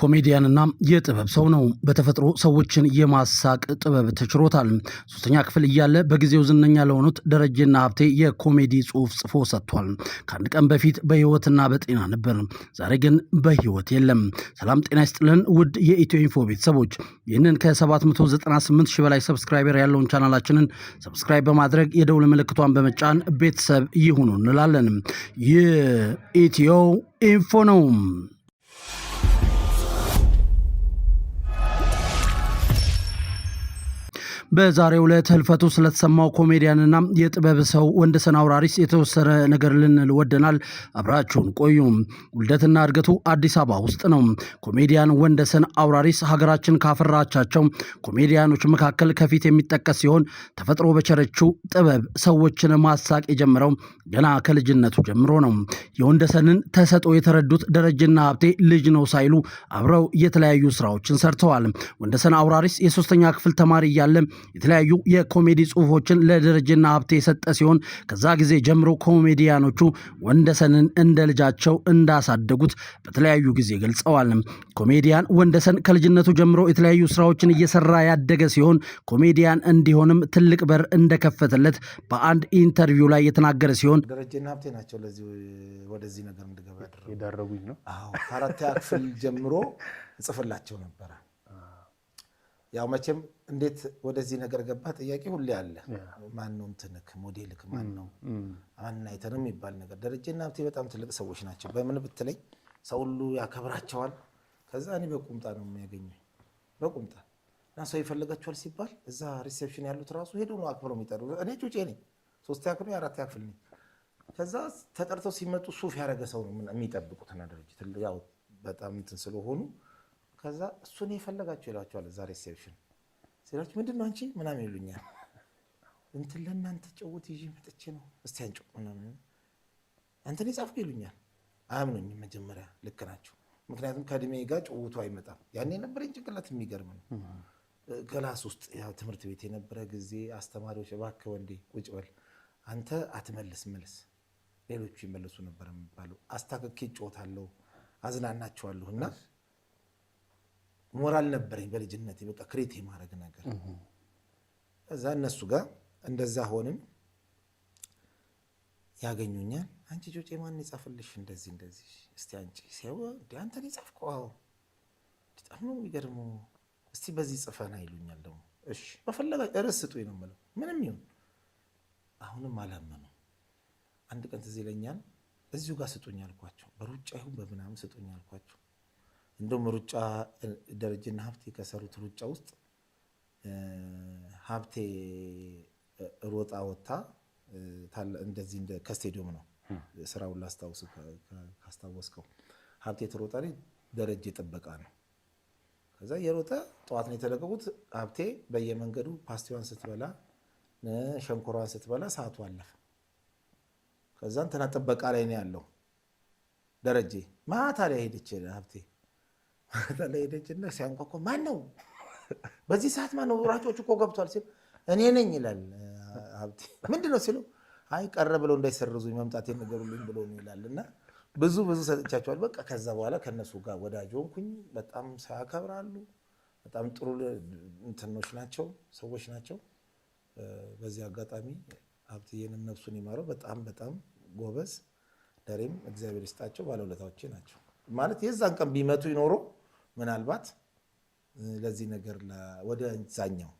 ኮሜዲያንና የጥበብ ሰው ነው። በተፈጥሮ ሰዎችን የማሳቅ ጥበብ ተችሮታል። ሶስተኛ ክፍል እያለ በጊዜው ዝነኛ ለሆኑት ደረጀና ሀብቴ የኮሜዲ ጽሑፍ ጽፎ ሰጥቷል። ከአንድ ቀን በፊት በህይወትና በጤና ነበር፣ ዛሬ ግን በህይወት የለም። ሰላም ጤና ይስጥልን ውድ የኢትዮ ኢንፎ ቤተሰቦች፣ ይህንን ከ798 ሺህ በላይ ሰብስክራይበር ያለውን ቻናላችንን ሰብስክራይብ በማድረግ የደውል ምልክቷን በመጫን ቤተሰብ ይሁኑ እንላለን። ይህ ኢትዮ ኢንፎ ነው። በዛሬው ዕለት ህልፈቱ ስለተሰማው ኮሜዲያንና የጥበብ ሰው ወንደሰን አውራሪስ የተወሰነ ነገር ልንል ወደናል። አብራችሁን ቆዩ። ውልደትና እድገቱ አዲስ አበባ ውስጥ ነው። ኮሜዲያን ወንደሰን አውራሪስ ሀገራችን ካፈራቻቸው ኮሜዲያኖች መካከል ከፊት የሚጠቀስ ሲሆን ተፈጥሮ በቸረችው ጥበብ ሰዎችን ማሳቅ የጀመረው ገና ከልጅነቱ ጀምሮ ነው። የወንደሰንን ተሰጦ የተረዱት ደረጀና ሀብቴ ልጅ ነው ሳይሉ አብረው የተለያዩ ስራዎችን ሰርተዋል። ወንደሰን አውራሪስ የሶስተኛ ክፍል ተማሪ እያለ የተለያዩ የኮሜዲ ጽሁፎችን ለደረጀና ሀብቴ የሰጠ ሲሆን ከዛ ጊዜ ጀምሮ ኮሜዲያኖቹ ወንደሰንን እንደ ልጃቸው እንዳሳደጉት በተለያዩ ጊዜ ገልጸዋል። ኮሜዲያን ወንደሰን ከልጅነቱ ጀምሮ የተለያዩ ስራዎችን እየሰራ ያደገ ሲሆን ኮሜዲያን እንዲሆንም ትልቅ በር እንደከፈተለት በአንድ ኢንተርቪው ላይ የተናገረ ሲሆን ደረጀና ሀብቴ ናቸው ለዚህ ወደዚህ ነገር እንድገባ ያደረጉኝ ነው። ከአራተኛ ክፍል ጀምሮ እጽፍላቸው ነበራል ያው መቼም እንዴት ወደዚህ ነገር ገባ ጥያቄ ሁሌ አለ። ማነው እንትንክ ሞዴልክ ማነው አናይተንም የሚባል ነገር። ደረጀና ሀብቴ በጣም ትልቅ ሰዎች ናቸው። በምን ብትለኝ ሰው ሁሉ ያከብራቸዋል። ከዛ እኔ በቁምጣ ነው የሚያገኙኝ በቁምጣ እና ሰው ይፈልጋቸዋል ሲባል እዛ ሪሴፕሽን ያሉት ራሱ ሄዶ ነው አክብረው የሚጠሩ። እኔ ጩጬ ነኝ፣ ሶስት ያክል አራት ያክል ነኝ። ከዛ ተጠርተው ሲመጡ ሱፍ ያደረገ ሰው ነው የሚጠብቁትና ደረጀ ያው በጣም እንትን ስለሆኑ ከዛ እሱን የፈለጋቸው ይላቸዋል። እዛ ሪሴፕሽን ሲላቸው ምንድን ነው አንቺ ምናምን ይሉኛል። እንትን ለእናንተ ጨውት ይዤ መጥቼ ነው እስቲ አንጭ ምናምን አንተን የጻፍኩ ይሉኛል። አያምኑኝ መጀመሪያ ልክ ናቸው። ምክንያቱም ከእድሜ ጋር ጭውቱ አይመጣም። ያን የነበረኝ ጭንቅላት የሚገርም ነው። ክላስ ውስጥ ያው ትምህርት ቤት የነበረ ጊዜ አስተማሪዎች እባክህ ወንዴ ቁጭ በል አንተ አትመልስ መልስ ሌሎቹ ይመልሱ ነበር የሚባለው። አስታክኬ ጮታለሁ፣ አዝናናቸዋለሁ እና ሞራል ነበረኝ በልጅነት በቃ ክሬት የማድረግ ነገር። እዛ እነሱ ጋር እንደዛ ሆንም ያገኙኛል። አንቺ ጆጭ ማን የጻፈልሽ እንደዚህ እንደዚህ እስቲ አንቺ ሲያው አንተ የጻፍከው? በጣም ነው የሚገርመው። እስቲ በዚህ ጽፈና ይሉኛል። ደግሞ እሺ በፈለጋ ርዕስ ስጡኝ ነው የምለው። ምንም ይሁን አሁንም አላመኑ። አንድ ቀን ትዝ ይለኛል። እዚሁ ጋር ስጡኝ አልኳቸው። በሩጫ ይሁን በምናምን ስጡኝ አልኳቸው። እንደውም ሩጫ ደረጀና ሀብቴ ከሰሩት ሩጫ ውስጥ ሀብቴ ሮጣ ወጥታ እንደዚህ ከስቴዲየም ነው ስራውን ላስታውሱ ካስታወስከው ሀብቴ ትሮጣ ላይ ደረጀ ጥበቃ ነው። ከዛ የሮጠ ጠዋት ነው የተለቀቁት። ሀብቴ በየመንገዱ ፓስቲዋን ስትበላ ሸንኮሯን ስትበላ ሰዓቱ አለፈ። ከዛ እንትና ጥበቃ ላይ ነው ያለው ደረጀ። ማታ ላይ ሄደች ሀብቴ ሄደችና ሲያንኳኳ ማን ነው በዚህ ሰዓት ማን ነው? ሯጮች እኮ ገብቷል ሲል እኔ ነኝ ይላል ሀብቴ። ምንድን ነው ሲለው አይ ቀረ ብለው እንዳይሰርዙኝ መምጣት የነገሩልኝ ብሎ ይላል። እና ብዙ ብዙ ሰጥቻቸዋል። በቃ ከዛ በኋላ ከእነሱ ጋር ወዳጅ ሆንኩኝ። በጣም ሳያከብራሉ በጣም ጥሩ እንትኖች ናቸው ሰዎች ናቸው። በዚህ አጋጣሚ ሀብትዬንም ነፍሱን ይማረው። በጣም በጣም ጎበዝ ደሬም እግዚአብሔር ይስጣቸው ባለውለታዎቼ ናቸው። ማለት የዛን ቀን ቢመቱ ይኖረው ምናልባት ለዚህ ነገር ወደ ዛኛው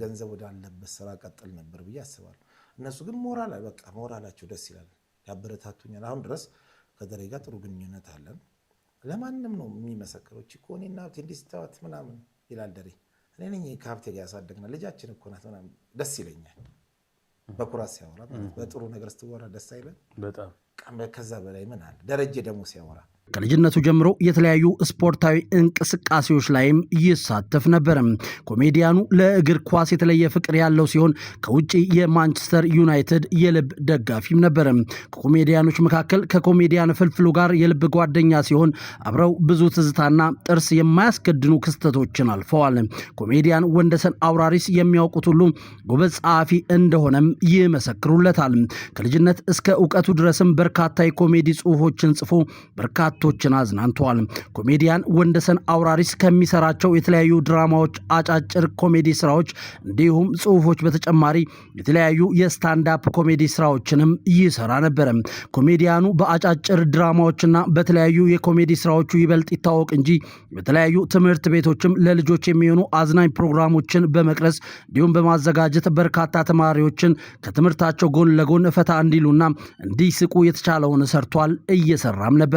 ገንዘብ ወዳለበት ስራ ቀጥል ነበር ብዬ አስባለሁ። እነሱ ግን ሞራል በቃ ሞራላቸው ደስ ይላል፣ ያበረታቱኛል። አሁን ድረስ ከደሬ ጋር ጥሩ ግንኙነት አለን። ለማንም ነው የሚመሰክረው እቺ እኮ እኔና ሀብቴ እንዲህ ምናምን ይላል ደሬ። እኔ ነኝ ከሀብቴ ጋር ያሳደግናል ልጃችን እኮ ናት ምናምን ደስ ይለኛል። በኩራት ሲያወራ በጥሩ ነገር ስትወራ ደስ አይለን ከዛ በላይ ምን አለ ደረጀ ደግሞ ሲያወራ ከልጅነቱ ጀምሮ የተለያዩ ስፖርታዊ እንቅስቃሴዎች ላይም ይሳተፍ ነበር። ኮሜዲያኑ ለእግር ኳስ የተለየ ፍቅር ያለው ሲሆን ከውጭ የማንቸስተር ዩናይትድ የልብ ደጋፊም ነበር። ከኮሜዲያኖች መካከል ከኮሜዲያን ፍልፍሉ ጋር የልብ ጓደኛ ሲሆን አብረው ብዙ ትዝታና ጥርስ የማያስገድኑ ክስተቶችን አልፈዋል። ኮሜዲያን ወንደሰን አውራሪስ የሚያውቁት ሁሉ ጎበዝ ጸሐፊ እንደሆነም ይመሰክሩለታል። ከልጅነት እስከ እውቀቱ ድረስም በርካታ የኮሜዲ ጽሑፎችን ጽፎ በርካታ በርካቶችን አዝናንተዋል። ኮሜዲያን ወንደሰን አውራሪስ ከሚሰራቸው የተለያዩ ድራማዎች፣ አጫጭር ኮሜዲ ስራዎች እንዲሁም ጽሁፎች በተጨማሪ የተለያዩ የስታንዳፕ ኮሜዲ ስራዎችንም ይሰራ ነበረ። ኮሜዲያኑ በአጫጭር ድራማዎችና በተለያዩ የኮሜዲ ስራዎቹ ይበልጥ ይታወቅ እንጂ በተለያዩ ትምህርት ቤቶችም ለልጆች የሚሆኑ አዝናኝ ፕሮግራሞችን በመቅረጽ እንዲሁም በማዘጋጀት በርካታ ተማሪዎችን ከትምህርታቸው ጎን ለጎን ፈታ እንዲሉና እንዲስቁ የተቻለውን ሰርቷል፣ እየሰራም ነበረ።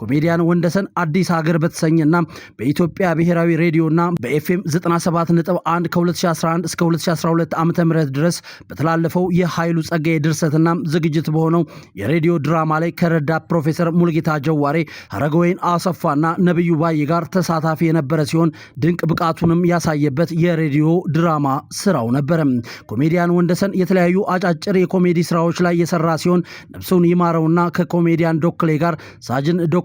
ኮሜዲያን ወንደሰን አዲስ ሀገር በተሰኘና በኢትዮጵያ ብሔራዊ ሬዲዮና በኤፍኤም 97.1 ከ2011 እስከ 2012 ዓ ም ድረስ በተላለፈው የኃይሉ ጸጋዬ ድርሰትና ዝግጅት በሆነው የሬዲዮ ድራማ ላይ ከረዳ ፕሮፌሰር ሙልጌታ ጀዋሬ ሀረገወይን አሰፋና ነቢዩ ባይ ጋር ተሳታፊ የነበረ ሲሆን ድንቅ ብቃቱንም ያሳየበት የሬዲዮ ድራማ ስራው ነበር። ኮሜዲያን ወንደሰን የተለያዩ አጫጭር የኮሜዲ ስራዎች ላይ የሰራ ሲሆን ነፍሱን ይማረውና ከኮሜዲያን ዶክሌ ጋር ሳጅን ዶክሌ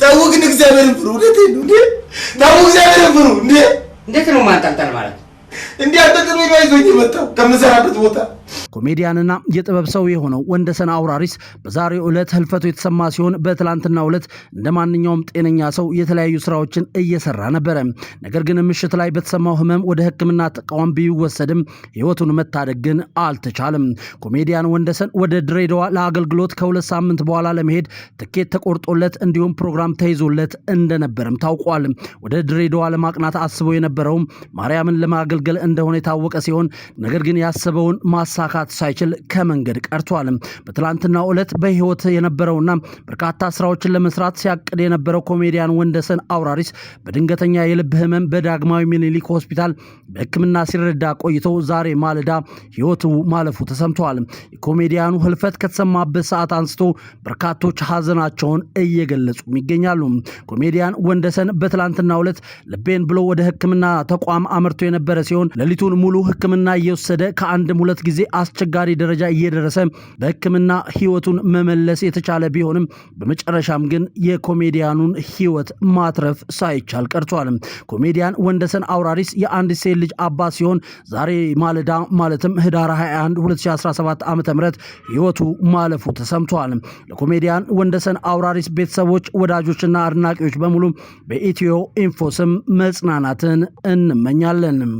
ተው ግን እግዚአብሔርን ፍሩ። እውነቴን ነው። ተው እግዚአብሔርን ፍሩ። እንዴት ነው ማንጠልጠል ማለት? እንዲህ አንጠልጥሎ ነው ይዞኝ የመጣው ከምሰራበት ቦታ ኮሜዲያንና የጥበብ ሰው የሆነው ወንደሰን አውራሪስ በዛሬው ዕለት ህልፈቱ የተሰማ ሲሆን በትላንትናው ዕለት እንደ ማንኛውም ጤነኛ ሰው የተለያዩ ስራዎችን እየሰራ ነበረ። ነገር ግን ምሽት ላይ በተሰማው ህመም ወደ ህክምና ተቃዋም ቢወሰድም ህይወቱን መታደግ ግን አልተቻለም። ኮሜዲያን ወንደሰን ወደ ድሬዳዋ ለአገልግሎት ከሁለት ሳምንት በኋላ ለመሄድ ትኬት ተቆርጦለት እንዲሁም ፕሮግራም ተይዞለት እንደነበርም ታውቋል። ወደ ድሬዳዋ ለማቅናት አስቦ የነበረውም ማርያምን ለማገልገል እንደሆነ የታወቀ ሲሆን ነገር ግን ያሰበውን ማሳካት መውጣት ሳይችል ከመንገድ ቀርቷል። በትላንትናው ዕለት በህይወት የነበረውና በርካታ ስራዎችን ለመስራት ሲያቅድ የነበረው ኮሜዲያን ወንደሰን አውራሪስ በድንገተኛ የልብ ህመም በዳግማዊ ምኒልክ ሆስፒታል በህክምና ሲረዳ ቆይቶ ዛሬ ማለዳ ህይወቱ ማለፉ ተሰምተዋል። የኮሜዲያኑ ህልፈት ከተሰማበት ሰዓት አንስቶ በርካቶች ሀዘናቸውን እየገለጹ ይገኛሉ። ኮሜዲያን ወንደሰን በትላንትናው ዕለት ልቤን ብሎ ወደ ህክምና ተቋም አምርቶ የነበረ ሲሆን ሌሊቱን ሙሉ ህክምና እየወሰደ ከአንድም ሁለት ጊዜ አስ አስቸጋሪ ደረጃ እየደረሰ በሕክምና ህይወቱን መመለስ የተቻለ ቢሆንም በመጨረሻም ግን የኮሜዲያኑን ህይወት ማትረፍ ሳይቻል ቀርቷል። ኮሜዲያን ወንደሰን አውራሪስ የአንድ ሴት ልጅ አባት ሲሆን ዛሬ ማለዳ ማለትም ህዳር 21 2017 ዓ ም ህይወቱ ማለፉ ተሰምቷል። ለኮሜዲያን ወንደሰን አውራሪስ ቤተሰቦች፣ ወዳጆችና አድናቂዎች በሙሉ በኢትዮ ኢንፎ ስም መጽናናትን እንመኛለን።